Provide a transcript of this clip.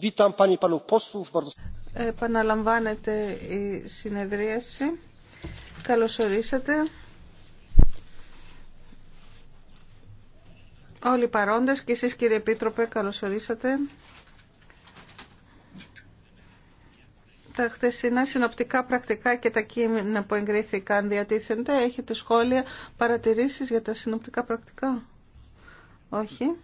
witam panów posłów. επαναλαμβάνεται η συνεδρίαση. καλώς ορίσατε. όλοι οι παρόντες και εσείς κύριε επίτροπε καλώς ορίσατε. τα χτεσινά συνοπτικά πρακτικά και τα κείμενα που εγκρίθηκαν διατίθενται. Έχετε σχόλια, παρατηρήσεις για τα συνοπτικά πρακτικά. Όχι.